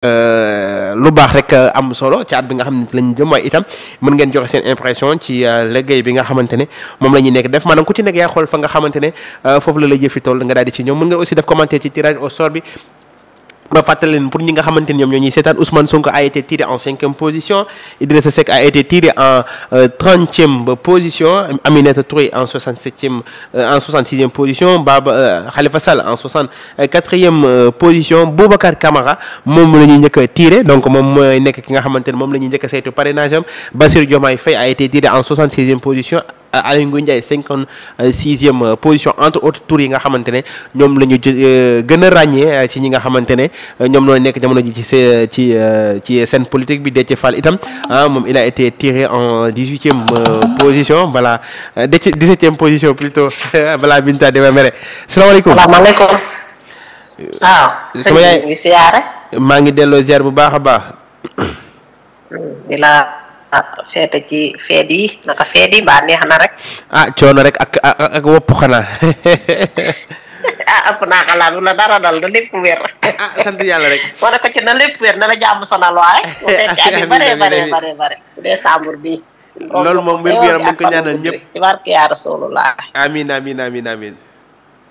Euh, lu baax rek euh, am solo ci bi nga xam ne ci lañ jëm waaye itam mën ngeen joxe seen impression ci euh, liggéey bi nga xamante ne moom la ñuy nekk def maanaam ku ci nekk yaa xool fa nga xamante ne foofu la la jëfi toll nga daal ci ñëw mën nga aussi def commenter ci tirage au sort bi ma fàttali leen pour ñi nga xamante ni ñoom ñoo ñuy seetaan Ousmane Sonko a été tiré en cinquième position Idrissa Seck a été tiré en euh, trentième position Aminata Touré en soixante septième euh, en soixante sixième position Baba euh, Khalifa Sall en soixante quatrième position Boubacar Camara moom la ñuy njëkk a tiré donc moom mooy nekk ki nga xamante moom la njëkk a saytu parrainage am Bassirou Diomaye a été tiré en soixante sixième position. Euh, Aly Ngouille Ndiaye cinquante sixième euh, position entre autres tours yi nga xamante ne ñoom la ñu euh, gën a ràññee ci ñi nga xamante ne ñoom ñoo nekk jamono ji ci see ci ci scène politique bi Déthié Fall itam ah moom il a été tiré en dix-huitième position balaa Déthié dix-septième position plutôt balaa Binta dema mere salaamaaleykum salaamaaleykum waaw sama yaay maa ngi delloo ziar bu baax a baax Ah, feete ci feet yi naka feet yi mbaa neex na rek. ah coono rek ak ak ak wopp xanaa. ah ëpp naa xalaat la dara dal da lépp wér. Ah, ah sant yàlla rek. wane ko ci na lépp wér na la jàmm sonal waaye. amiin bare bare bare bare décembre bi. loolu moom wér gu yaram mu ngi ko ñaanal ñëpp ci barke yaa rasulullah. amiin amiin amiin amiin.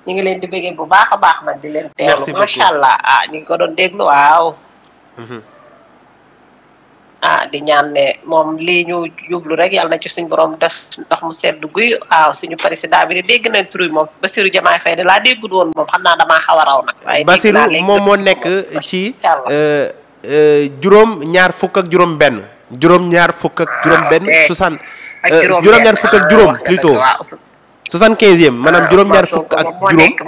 ñu ngi leen di bëggee bu baax a baax nag di leen teewlu. merci beaucoup macha allah ah ñu ngi ko doon déglu waaw. Mm-hmm. ah di ñaan ne moom lii ñu jublu rek yàlla na ci suñ borom def ndox mu sedd guy waaw suñu président bi de dégg nañ tur moom Bassirou Diomaye fay de laa déggul woon moom xam naa damaa xaw a raw nag. waaye moom moo nekk ci euh, euh, juróom ñaar fukk ak juróom benn. juróom ñaar fukk ak ah, juróom benn. soixante euh, juróom ñaar fukk ak juróom ah, plutôt. soixante ah, juróom ñaar fukk ak juróom.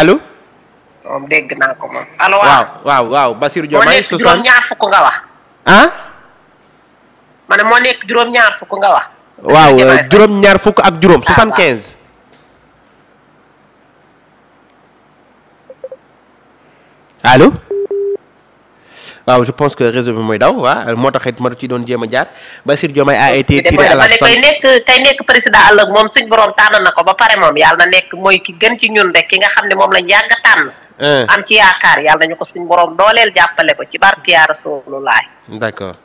allo. moom dégg naa ko moom. waaw waaw waaw Bassirou Diomaye. 60 moo ñaar fukk nga wax. ah. moo nekk juróom-ñaar fukk nga wax. waaw euh, juróom fukk ak juróom. 75. Ah, allo. waaw je que réseau bi mooy daw waaw ah, moo tax it ma ci doon jéem a jaar Bassirou Diomaye a été tiré à la sonde kay nekk moom suñ borom tànn na ko ba pare moom yàlla na nekk mooy ki gën ci ñun rek ki nga xam ne moom lañ yàgg tànn. Eh. am ci yaakaar yàlla dañu ko suñ borom dooleel jàppale ko ci barke yaa Rasulullah. d'accord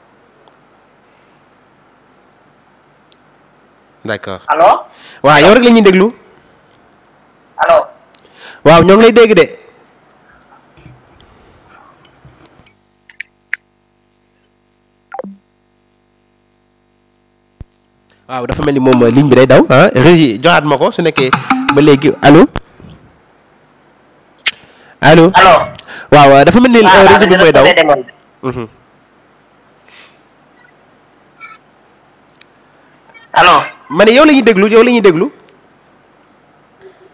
d'accord. allo. waaw yow rek la déglu. allo. waaw ñoom lay dégg de. waaw dafa mel ni moom ligne bi day daw ah régie joxaat ma ko su nekkee ba léegi allo. allo allo. waaw dafa mel ni ah, euh, ah, réseau bi mooy daw mhm. allo. ma ne yow la déglu yow la ñuy déglu.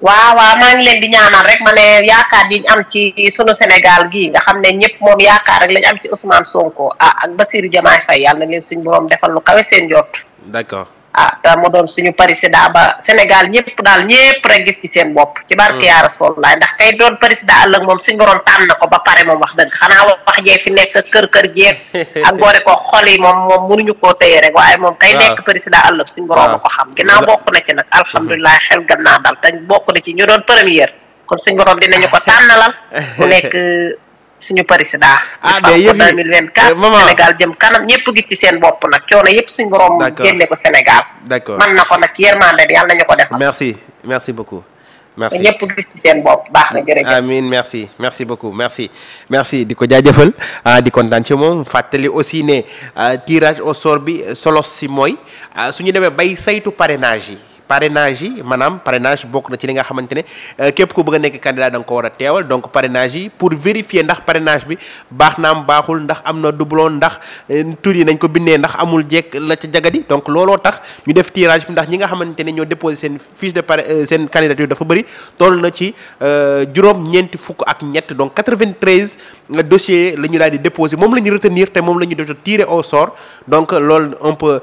waaw waaw maa leen di ñaanal rek ma yaakaar yi am ci sunu Sénégal gii nga xam ne ñëpp moom yaakaar rek lañ am ci Ousmane Sonko ah ak Bassirou Diomaye Faye yàlla na leen suñu borom defal lu kawe seen jot. d'accord. ah te mu doon suñu président ba Sénégal ñëpp daal ñëpp rek gis ci seen bopp. ci barke mm. yaa Rasulullah ndax tey doon président ëllëg moom suñ borom tànn na ko ba pare moom wax dëgg xanaa wax jee fi nekk kër kër jeeg. ak boore ko xol moom moom moom mënuñu koo téye rek waaye moom. kay ah. nekk président ëllëg suñu borom a ko ah. xam. ginnaaw bokk na ci nag alhamdulilah xel gannaa daal te bokk na ci ñu doon première. kon suñ borom dinañu ko tànnalal mu nekk suñu président. ah mais yëf yi 2024 eh, Sénégal jëm kanam ñëpp gis ci seen bopp nag coono yëpp suñ borom. génne ko Sénégal. d'accord mën na ko nag yërmande yàlla nañu ko defal. merci merci beaucoup. merci ñëpp gis ci seen bopp baax na jërëjëf. amiin merci merci beaucoup merci. merci di ko jaajëfal ah di kontaan ci moom fàttali aussi ne ah, tirage au sort bi solo si mooy ah, su ñu demee bay saytu parrainage yi. parrainage yi maanaam parrainage bokk na ci li nga xamante ne euh, képp ku bëgg a nekk candidat da ko war a teewal donc parrainage yi pour vérifier ndax parrainage bi baax naam baaxul ndax am na doublon ndax euh, tur yi nañ ko bindee ndax amul jekk la ca jagadi donc looloo tax ñu def tirage bi ndax ñi nga xamante ne ñoo déposé seen fiche de par euh, seen candidature dafa bëri toll na ci juróom ñeenti fukk ak ñett donc 93 dossiers la ñu daal di déposé moom la ñu retenir te moom la ñu doon tiré au sort donc loolu on peut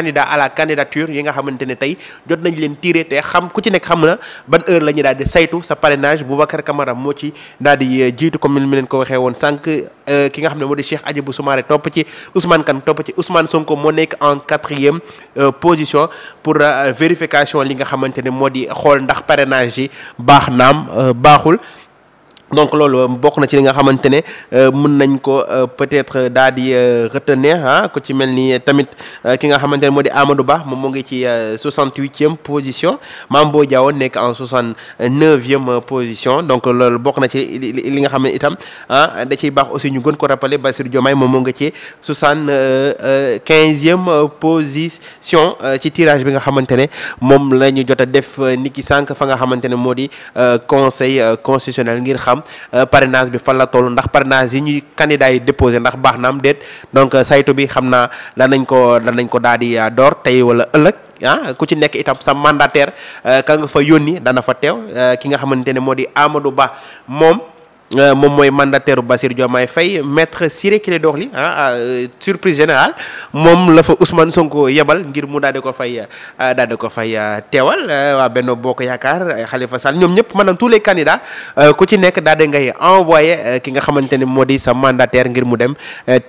c'est candidat à la candidature yi nga xamante ne tey jot nañ leen tiré te xam ku ci nekk xam na ban heure la ñuy daal di saytu sa parrainage Boubacar Camara moo ci daal di euh, jiitu comme ni leen ko waxee woon sànq euh, ki nga xam ne moo di Cheikh Adjibou Soumaré topp ci Ousmane Kane topp ci Ousmane Sonko moo nekk en quatrième euh, position pour vérification li nga xamante ne moo di xool ndax parrainage yi baax naam baaxul. donc loolu euh, bokk na ci li nga xamante ne euh, mun nañ ko euh, peut-être daal di retenir ah ku ci mel nii tamit ki nga xamante ne moo di Amadou Ba moom mu ngi ci soixante-huitième position Mame Boye Diao nekk en soixante-neuvième position donc loolu bokk na ci li nga xam ne itam ah da ciy baax aussi ñu gën ko rappeler Bassirou Diomaye moom mu ngi ci soixante-quinzième position ci tirage bi nga xamante ne moom la ñu jot a def niki sànq fa nga xamante ne moo di conseil constitutionnel ngir xam. xam euh, bi fan la toll ndax parrainage yi ñuy candidats yi déposé ndax baax naam am déet donc euh, saytu bi xam naa danañ ko nañ ko daal di euh, door tey wala ëllëg. ah ku ci nekk itam sa mandataire kaa nga fa yónni dana fa teew ki nga xamante ne moo di ama du baax moom Euh, moom mooy mandataire Bassirou Diomaye Faye maître Ciré Clédor Ly ah surprise générale moom lafa osman Ousmane Sonko yebal ngir mu daal di ko fay euh, daal di ko fay teewal waa Benno Bokk Yaakaar Khalifa Sall ñoom ñëpp maanaam tous les candidats ku ci nekk daal ngay envoyé ki nga xamante ne moo di sa mandataire ngir mu dem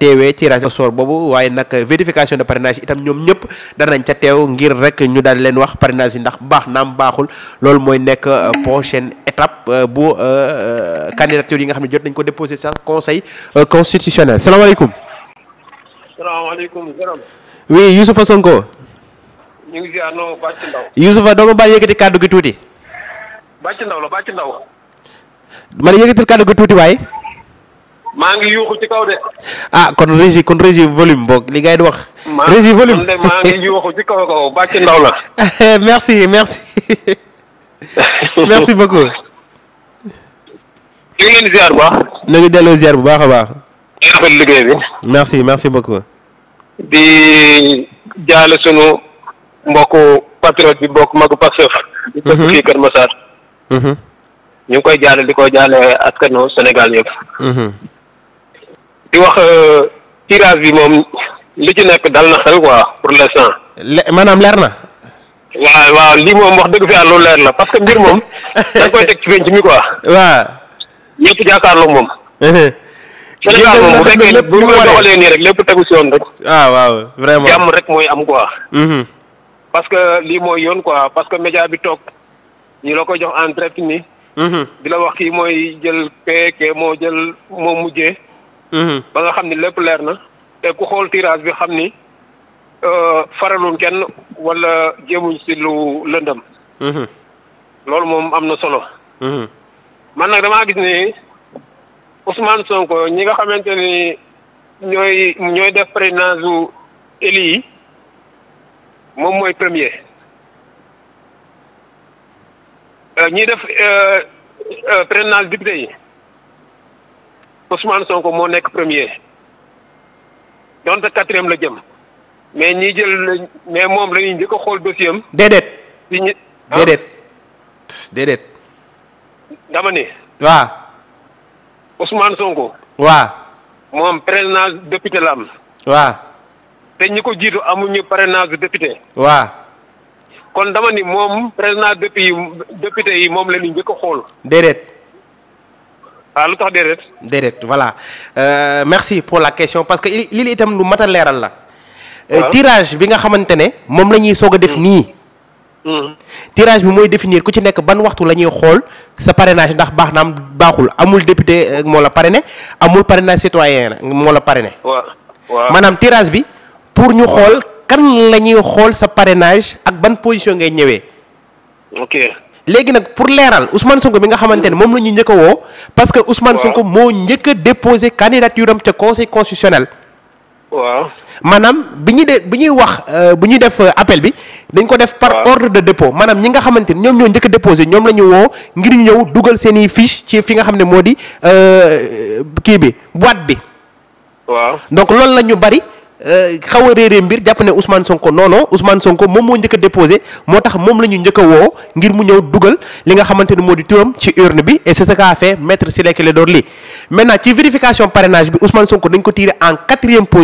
teewee tirage au sort boobu waaye nag vérification de parrainage itam ñoom ñëpp danañ ca teew ngir rek ñu daal leen wax parrainage yi ndax baax naam baaxul loolu mooy nekk prochaine rattrape euh, bu euh, euh, candidature yi nga xam ne jot dañ ko déposé sans conseil constitutionnel salaamaaleykum. salaamaaleykum. oui Youssoufa Sonko. ñu ngi ziar baal yëkkati kàddu gi tuuti. Bàcc Ndaw la Bàcc Ndaw. ma ne yëkkatil tuuti waaye. maa ngi yuuxu ci kaw de. ah kon régie kon régie volume boog li ngay di wax. maa ngi yuuxu ci kaw kaw Bàcc Ndaw la. merci merci merci beaucoup. li ngi leen ziar bu baax. ñu ngi delloo bu baax a baax. liggéey bi. merci merci beaucoup. di jaale sunu mbokku patriote bi bokk magu Pastef. di ko mhm. mhm. ñu ngi koy jaale di ko jaale askanu Sénégal yëpp. Mhm. di wax euh, tirage bi moom li ci nekk dal na xel quoi pour l'instant. le maanaam leer na. waaw waaw lii moom wax dëgg fi àll leer na parce que mbir moom. da koy teg ci penc mi quoi. waaw. ñëpp jàkkaarloo moom. Eh. moom bu fekkee lépp bu nii rek lépp tegu si yoon rek. ah waaw vraiment rek mooy am ko mm-hmm. parce que lii mooy yoon ko parce que média bi toog ñu la koy jox en direct nii. Mm-hmm. di la wax kii mooy jël peeke moo jël moo mujjee. Mm-hmm. ba nga xam ni lépp leer na te ku xool tirage bi xam ni euh, faraluñ kenn walla jéemuñ si lu lëndëm. loolu moom am na solo. man nag damaa gis ni Ousmane Sonko ñi nga xamante ni ñooy ñooy def parrainage u éli yi moom mooy premier euh, ñi def euh, euh, parrainage député yi Ousmane Sonko moo nekk premier donte quatrième la jëm mais ñii jël mais moom la ñuy njëkk a xool dossier am. déedéet. déedéet ah. déedéet. dama ne. waaw. Ousmane Sonko. waaw. moom parrainage député la am. waaw. te ñi ko jiitu amuñu parrainage député. waaw. kon dama ni moom parrainage député yi moom la ñu njëkk xool. déedéet. ah lu tax déedéet. déedéet voilà euh, merci pour la question parce que lii itam lu mat a leeral la. Euh, tirage bi nga xamante ne moom la ñuy soog a def hmm. nii. Mm-hmm. tirage bi mooy définir ku ci nekk ban waxtu la ñuy xool sa parrainage ndax baax na am baaxul amul député euh, moo la pare ne amul parrainage citoyen moo la parrainé. waaw maanaam tirage bi pour ñu xool kan la ñuy xool sa parrainage ak ban position ngay ñëwee. ok léegi nag pour leeral Ousmane Sonko bi nga xamante ne moom la ñu njëkk a woo. parce que Ousmane Sonko moo njëkk déposé candidature am ca conseil constitutionnel. waaw maanaam bi ñu de bi ñuy wax euh, bu ñuy def euh, appel bi. dañ ko def par ordre de dépôt maanaam ñi nga xamante ni ñoom ñoo njëkk a déposé ñoom la ñu woo ngir ñu ñëw dugal seen i fi nga xam ne moo di euh, kii bi boîte bi. waaw donc loolu la ñu bari xaw a réeree mbir jàpp ne Ousmane Sonko non non Ousmane Sonko moom moo njëkk a déposé moo tax moom la ñu njëkk woo ngir mu ñëw dugal li nga xamante ni moo di turam ci urne bi et c'est ce qu'a fait maître Ciré Clédor Ly maintenant ci vérification parrainage bi Ousmane Sonko dañ ko tiré en quatrième position.